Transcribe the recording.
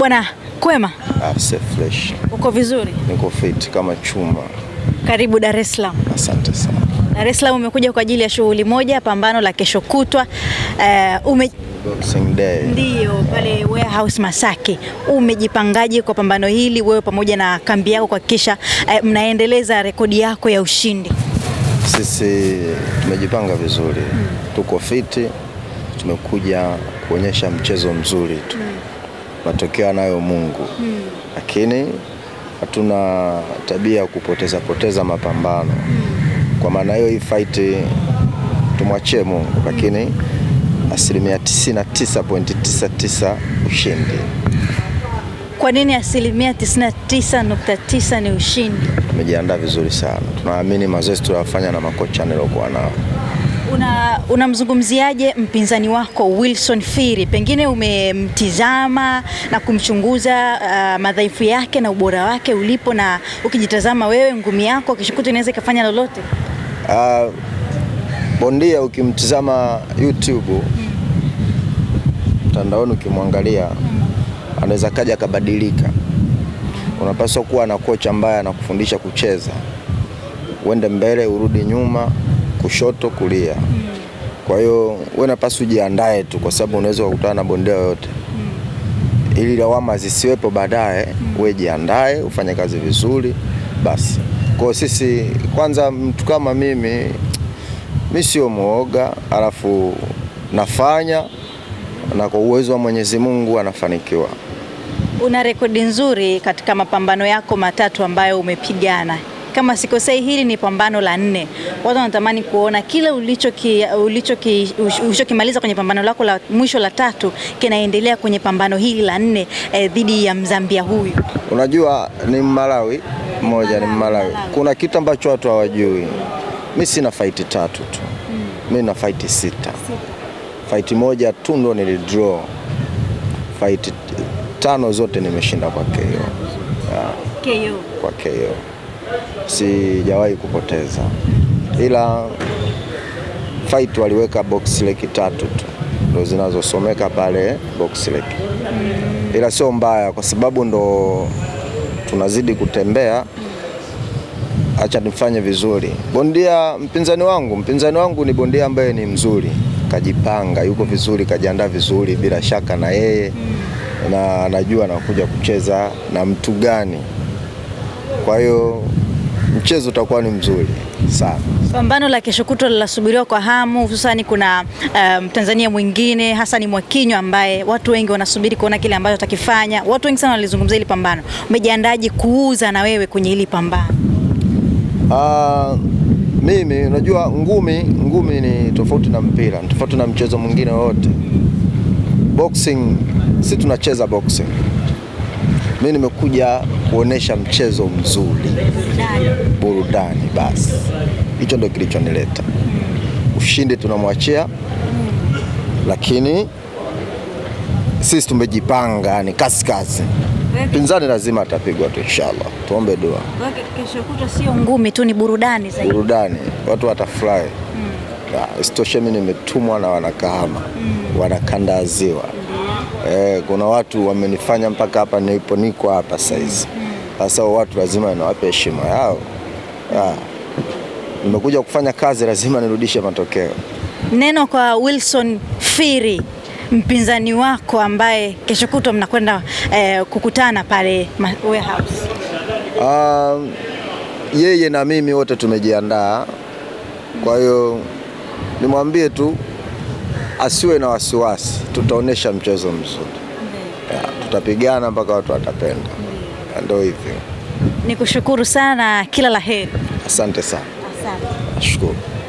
Bwana kwema? Ah, safe fresh. Uko vizuri? Niko fit kama chuma. Karibu Dar es Salaam. Asante sana. Dar es Salaam umekuja kwa ajili ya shughuli moja, pambano la kesho kutwa. Uh, ume... Boxing Day. Ndio, pale warehouse Masaki. Umejipangaje kwa pambano hili wewe pamoja na kambi yako kuhakikisha uh, mnaendeleza rekodi yako ya ushindi? Sisi tumejipanga vizuri, hmm. tuko fiti, tumekuja kuonyesha mchezo mzuri tu. Hmm matokeo anayo Mungu hmm. Lakini hatuna tabia ya kupoteza poteza mapambano hmm. Kwa maana hiyo, hii fight tumwachie Mungu, lakini asilimia 99.99 ushindi. Kwa nini asilimia 99.9 ni ushindi? Tumejiandaa vizuri sana, tunaamini mazoezi tuliyofanya na makocha nilokuwa nao Unamzungumziaje una mpinzani wako Wilson Firi? Pengine umemtizama na kumchunguza uh, madhaifu yake na ubora wake ulipo, na ukijitazama wewe ngumi yako kishukuto inaweza ikafanya lolote? Uh, bondia ukimtizama YouTube mtandaoni, hmm. ukimwangalia hmm. anaweza kaja akabadilika. Unapaswa kuwa na kocha ambaye anakufundisha kucheza, uende mbele urudi nyuma kushoto, kulia. Kwa hiyo wewe unapaswa ujiandae tu, kwa sababu unaweza kukutana na bondia yoyote ili lawama zisiwepo baadaye. Wewe jiandae ufanye kazi vizuri basi. Kwa sisi kwanza, mtu kama mimi, mimi sio muoga, alafu nafanya na kwa uwezo wa Mwenyezi Mungu anafanikiwa. Una rekodi nzuri katika mapambano yako matatu ambayo umepigana kama sikosei, hili ni pambano la nne. Watu wanatamani kuona kila ulichokimaliza ulicho ki, kwenye pambano lako la mwisho la tatu kinaendelea kwenye pambano hili la nne eh, dhidi ya Mzambia huyu. Unajua ni Mmalawi mmoja, ni Mmalawi. Kuna kitu ambacho watu hawajui, mi sina faiti tatu tu mi na faiti sita, Faiti moja tu ndo nilidraw, faiti tano zote nimeshinda kwa KO. Yeah. KO. Kwa KO sijawahi kupoteza, ila fight waliweka box leki tatu tu ndo zinazosomeka pale box leki, ila sio mbaya kwa sababu ndo tunazidi kutembea. Acha nifanye vizuri. Bondia mpinzani wangu, mpinzani wangu ni bondia ambaye ni mzuri, kajipanga, yuko vizuri, kajiandaa vizuri, bila shaka na yeye na anajua nakuja kucheza na mtu gani, kwa hiyo mchezo utakuwa ni mzuri sana. Pambano la kesho kutwa linasubiriwa kwa hamu, hususani kuna Mtanzania um, mwingine ni Mwakinyo ambaye watu wengi wanasubiri kuona kile ambacho atakifanya. Watu wengi sana walizungumzia hili pambano. Umejiandaje kuuza na wewe kwenye hili pambano? Uh, mimi unajua ngumi, ngumi ni tofauti na mpira, ni tofauti na mchezo mwingine wote. Boxing, si tunacheza boxing mi nimekuja kuonesha mchezo mzuri, burudani. Basi hicho ndio kilichonileta. Ushindi tunamwachia, lakini sisi tumejipanga, ni kasi kasi Pinzani lazima atapigwa tu, inshallah, tuombe dua. Kesho kutwa sio ngumi tu, ni burudani zaidi, burudani, watu watafurahi. Mm. Ah, isitoshe mi nimetumwa na Wanakahama, mm. Wanakandaziwa Eh, kuna watu wamenifanya mpaka hapa nipo niko hapa saizi. Sasa watu lazima niwape heshima yao. Ah. Nimekuja kufanya kazi, lazima nirudishe matokeo. Neno kwa Wilson Firi mpinzani wako ambaye kesho kutwa mnakwenda eh, kukutana pale warehouse. Um, yeye na mimi wote tumejiandaa, kwa hiyo nimwambie tu asiwe na wasiwasi, tutaonyesha mchezo mzuri yeah. Tutapigana mpaka watu watapenda, ndio hivyo. Nikushukuru sana, kila la heri. Asante sana, asante. Nashukuru.